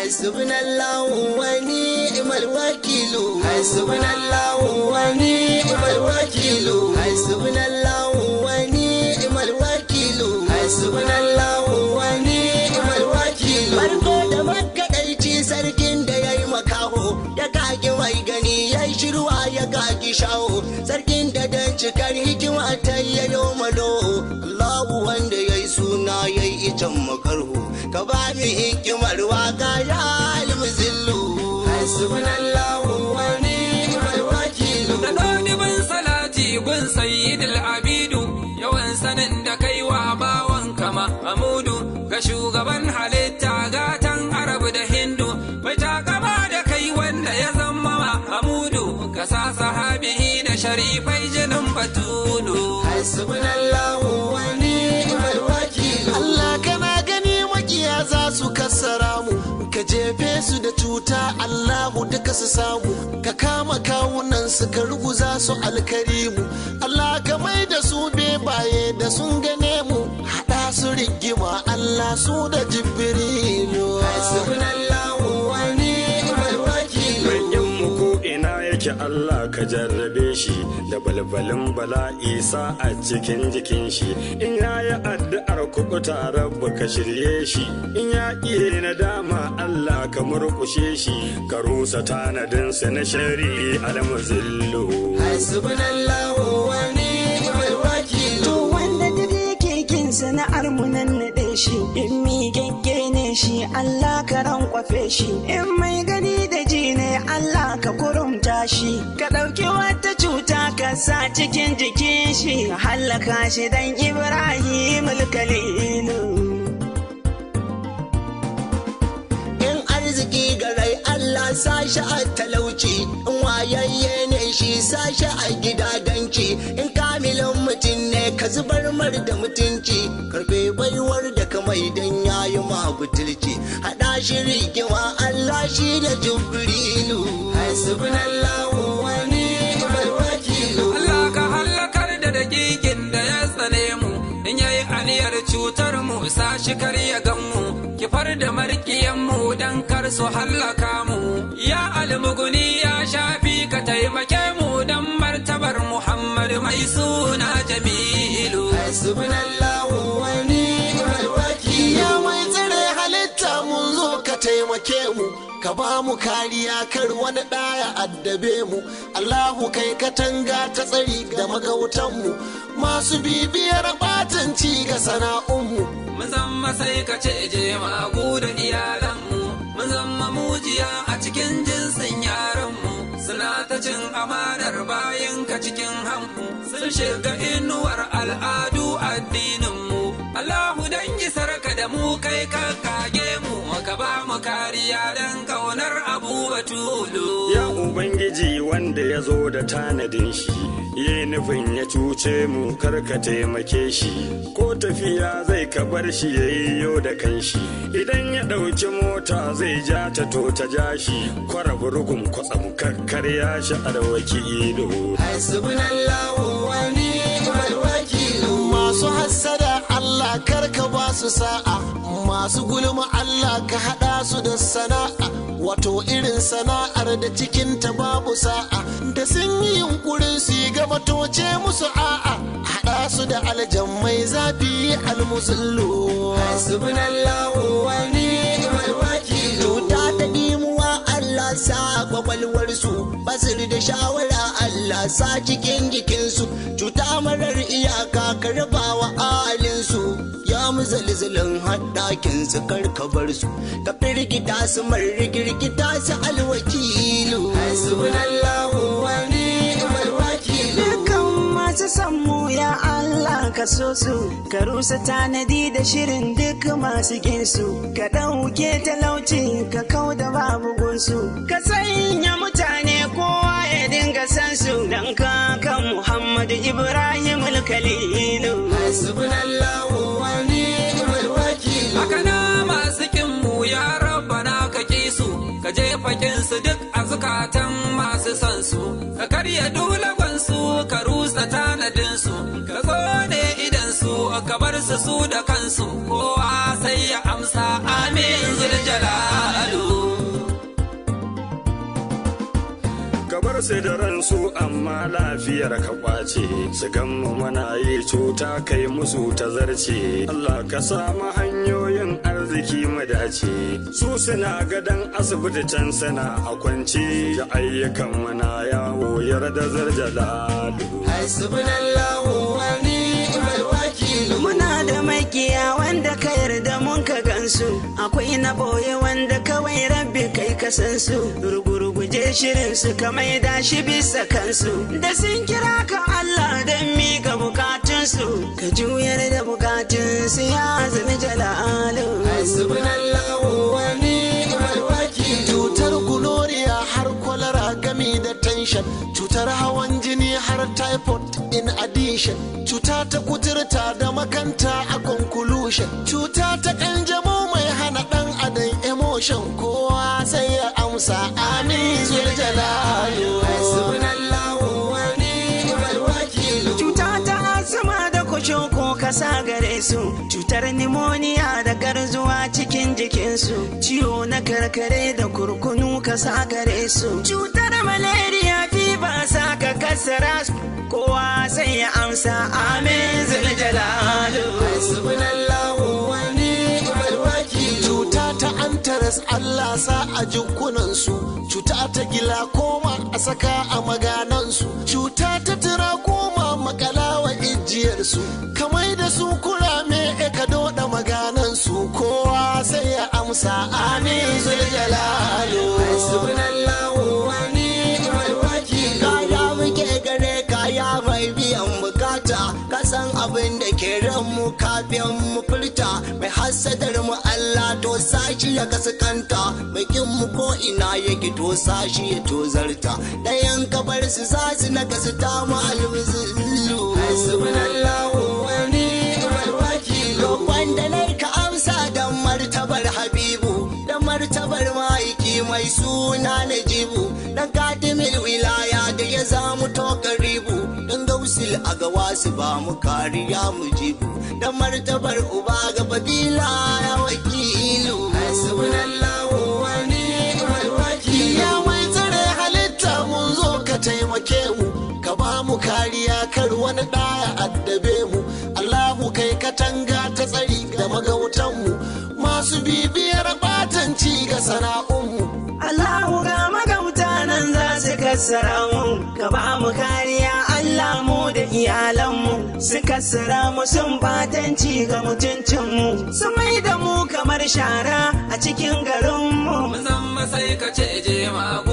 hasbunallahu wa ni'mal wakilu hasbunallahu wakilu wakilu wakilu sarkin da yayi makaho ya kage mai gani yayi shirwa ya kage shawo sarkin da cikar hikima ta yayo malo wanda yayi suna yayi ijan maka ka ba mu hikimar waka ya alimu zillu hasbunallahu wa ni'mal wakil da dani ban salati gun sayyidil abidu yawan sanin da kaiwa wa bawan kama amudu ga shugaban halitta gatan arabu da hindu mai takama da kai wanda ya zama amudu ka sa sahabihi da sharifai jinin batudu hasbunallahu wani. jefe su da cuta Allahu duka su samu ka kama kawunan su ka ruguza su alkarimu Allah ka mai da su bebaye da sun gane mu haɗa su rigima Allah su da jibbiri balbalin Bala Isa a cikin jikin shi in ya yi addu'ar kuɓuta tare ka shirye shi in ya iya na dama Allah ka murƙushe shi ka rusa su na shari almuzillu sana'ar mu shi in mi gaggene shi Allah ka kwafe shi in mai gani Ubangiji ne Allah ka kurumta shi, ka ɗauki wata cuta ka sa cikin jikin shi, hallaka shi dan Ibrahim Kalilu. In arziki Rai Allah sa shi a talauci, in wayayye ne shi sa shi a gidadanci, in kamilan mutum ne ka zubar mar da mutunci, karfe baiwar da kamai dan yayi ma butulci, haɗa shi rigima shi da jibrilu Allah ka halakar da dakikin da ya tsane mu in yayi aniyar cutar mu sa shi kar ya gan mu kifar da markiyan mu dan kar su hallaka mu ya almuguni ya shafi ka taimake mu dan martabar Muhammad mai suna Jamilu hasbunallahu wa ni'mal wakilu ya mai tsare halitta mun zo ka taimake mu ka ba mu kariya kar wani ɗaya addabe mu Allahu kai katanga ta tsari ga mu masu bibiyar batanci ga sana'unmu zama sai ka ce je magu da iyalanmu zama mujiya a cikin jinsin yaranmu suna ta cin amanar bayan ka cikin hanku sun shiga inuwar al'adu dariya don kaunar abu batulu. Ya Ubangiji wanda ya zo da tanadin shi, ya nufin ya cuce mu karka taimake shi, ko tafiya zai ka bar shi ya yi yo da kanshi. Idan ya ɗauki mota zai ja ta to ta ja shi, kwara burgun kwatsam karkar ya shi arwaki ido. masu hassada Allah karka ba su sa'a. masu gulma Allah ka haɗa su da sana'a wato irin sana'ar da cikinta babu sa'a da sun yi yunkurin su yi toce musu a'a haɗa su da aljammai zafi almusullu ta ta dimuwa Allah sa kwakwalwar su basir da shawara Allah sa cikin jikinsu cuta marar iyaka ka rabawa zalzalin haddakin su bar su ka firgita su marrigirgita su alwakilu hasbunallahu wa ni'mal wakil dukkan masu san mu ya Allah ka so su ka rusa tanadi da shirin duk masu gin su ka dauke talauci ka kauda babu gunsu ka sanya mutane kowa ya dinga san su dan kan Muhammadu Ibrahim al su duk a zukatan masu son su ka karya dulagon su ka rusa tanadin su ka tsone idan su ka bar su su da kansu kowa sai ya amsa amin zuljalal su da ransu amma lafiyar ka kwace su mu mana yi cuta kai musu ta zarce Allah ka samu hanyoyin arziki mu dace su suna gadan asibiti can sana a kwance da ayyukan mana yawo da zarjala subhanallahu da san su shirin su ka shi bisa kansu da sun kira ka Allah don ga bukatun su ka juyar da bukatun su ya zama jala'alu hasbunallahu wa ni wakil cutar gloria har kwalara gami da tension cutar hawan jini har typhoid in addition cuta ta kuturta da makanta a conclusion cuta ta kanjamau mai hana dan adan emotion kowa musa amin zuljalali cuta ta da kasa gare cutar nimoniya da garzuwa cikin jikinsu ciwo na karkare da kurkunu kasa gare su cutar malaria fi ba sa ka kasara su, kowa sai ya amsa amin zuljalali hasbunallahu wa virus Allah sa a jikunansu cuta ta gila koma a saka a maganansu cuta ta tira koma makalawa ijiyarsu kamai da su kurame me ka doda maganansu kowa sai ya amsa amin zai subhanallahu muke gare kaya mai bukata kasan abin da ke ran mu kafin mu furta mai hasadar mu shi ya kaskanta kanta kin mu ko ina yake to sashi ya tozarta ɗayan kabar su zasu na kasu ta mu alwazillu ka amsa martabar habibu dan martabar mahaiki mai suna najibu dan kadimil wilaya da ya zamu to karibu gausil a gawa su ba mu kariya mu jibu da martabar uba ga fadila ya wakilu hasbunallahu wa ni'mal wakil ya mai tsare halitta mun zo ka taimake mu ka ba mu kariya kar wani ɗaya addabe mu Allahu kai katanga ta tsari ga magautan mu masu bibiyar batanci ga sana'un mu Allahu ga magauta nan za su kassara mu ka ba mu kariya allamu, da iyalanmu su kassara mu sun batanci ga mutuncinmu su mai da mu kamar shara a cikin garinmu. Mu zama sai ka ce je mako